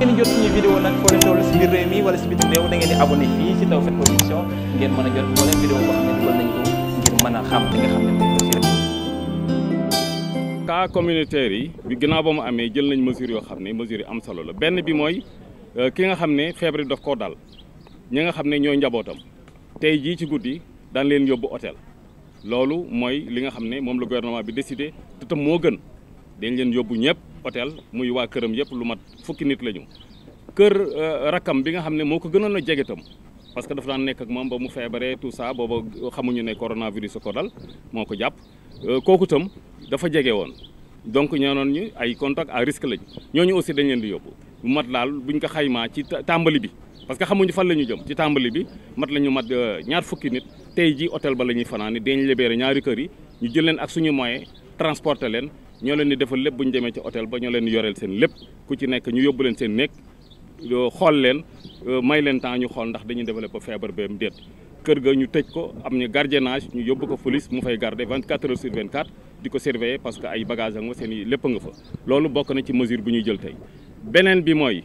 ngeen jot a jot moo yi ginnaaw ba mu amee jël nañ mesure yoo xam ne mesure yi am solo la benn bi mooy euh, ki nga xam ne feebar daf koo dal ñi nga xam ne ñooy njabootam tey jii ci guddi daan leen yóbbu hôtel loolu mooy li nga xam ne moom la gouvernement bi décidé te tam moo gën. dañ leen yóbbu ñëpp hôtel muy waa këram yëpp lu mat fukki nit la ñu kër euh, rakkam bi nga xam ne moo ko gënoon a jege tam parce que dafa daan nekk ak moom ba mu feebaree tout ça booba xamuñu ne coronavirus ko dal moo ko jàpp euh, kooku tam dafa jege woon donc ñoonoon ñu ay contact à risque lañ ñooñu aussi dañ leen di yóbbu lu mat laal buñ ko xaymaa ci tàmbali bi parce que xamuñu fan la ñu jëm ci tàmbali bi mat la ñu mat euh, ñaar fukki nit tey ji hôtel ba la ñuy fanaan dañ libéré ñaari kër yi ñu jël leen ak suñu moyen transporter leen ñoo leen di defal lépp bu ñu demee ci hôtel ba ñoo leen di yoreel seen lépp ku ci nekk ñu yóbbu leen seen nekk xool leen euh, may leen temps ñu xool ndax dañuy développé feebar bee beem déet kër ga ñu tëj ko am ñu gardiennage ñu yóbbu ko police mu fay garder 24 heures sur 24 di ko surveiller parce que ay bagages ak nga seen i lépp nga fa loolu bokk na ci mesure bu ñuy jël tey beneen bi mooy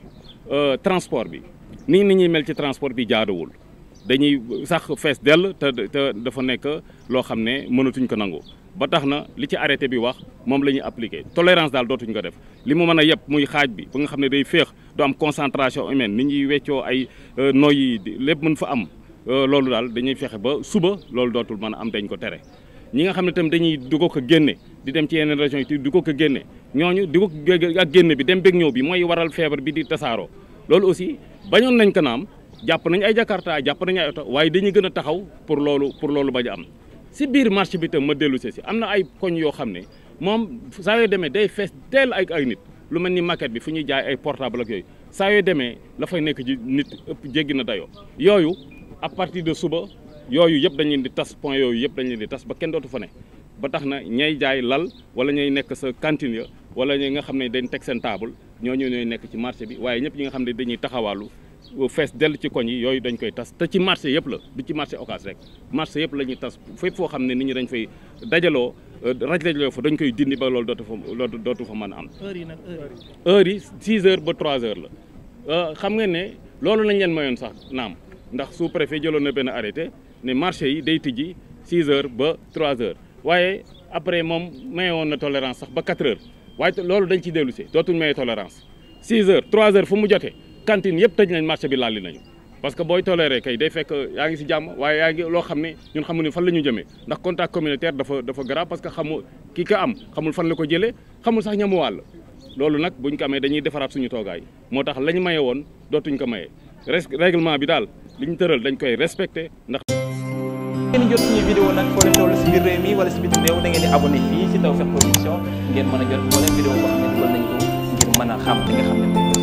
euh, transport bi nii ni ñuy mel ci transport bi jaadawul dañuy sax fees dell te dafa nekk loo xam ne mënatuñ ko nangu ba tax na li ci arrêté bi wax moom la ñuy appliqué tolérance daal dootuñ ko def li mu mën a yëpp muy xaaj bi ba nga xam ne day féex du am concentration humaine ni ñuy weccoo ay euh, noy yi lépp mën fa am euh, loolu daal dañuy fexe ba suba loolu dootul mën a am dañ ko tere ñi nga xam ne tamit dañuy du ko ko génne di dem ci yeneen région yi di ko ko génne ñooñu di ko ak génne bi dem bég ñëw bi mooy waral feebar bi di tasaaroo loolu aussi bañoon nañ ko naam jàpp nañu ay jakarta jàpp nañ ay oto waaye dañuy gën a taxaw pour loolu pour loolu bañ am si biir marché bi tam ma dellu see si am na ay koñ yoo xam ne moom saa yoo demee day fees teel ak ay nit lu mel ni maquette bi fu ñuy jaay ay portable ak yooyu saa yoo demee la nekk ji nit ëpp na dayoo yooyu à partir de suba yooyu yëpp dañ leen di tas point yooyu yëpp dañ leen di tas ba kenn dootu fa ne ba tax na ñay jaay lal wala ñay nekk sa cantine ya wala ñi nga xam ne dañ teg seen ñoo ñooñu ñooy nekk ci marché bi waaye ñëpp ñi nga xam ne dañuy taxawaalu fees dell ci koñ yi yooyu dañ koy tas te ci marché yëpp la du ci marché occas rek marché yëpp la ñuy tas fépp foo xam ne nit ñu dañ fay dajaloo euh, raj dajaloo fa dañ koy dindi ba loolu dootu fa dootu fa mën a am. heure yi nag heure yi six ba trois heures la euh, xam nga ne loolu lañ leen mayoon sax naam ndax sous préfet jëloon na benn arrêté ne marché yi day tijji six heures ba trois heures waaye après moom mayoon na tolérance sax ba quatre heures waaye loolu dañ ciy dellu si dootuñ maye tolérance six heures trois heures fu mu jotee. cantine yëpp tëj nañ marché bi laali nañu parce que booy toléré kay day fekk yaa ngi si jàmm waaye yaa ngi loo xam ne ñun xamu ne fan la ñu jëmee ndax contact communautaire dafa dafa grave parce que xamu ki ka am xamul fan la ko jëlee xamul sax ñamu wàll loolu nag buñ ko amee dañuy defaraat suñu toogaay moo tax lañ maye woon dootuñ ko maye règlement bi daal li ñu tëral dañ koy respecté ndax. ngeen jot suñu vidéo nag foo leen toll si biir réew mi wala si bitim réew da a a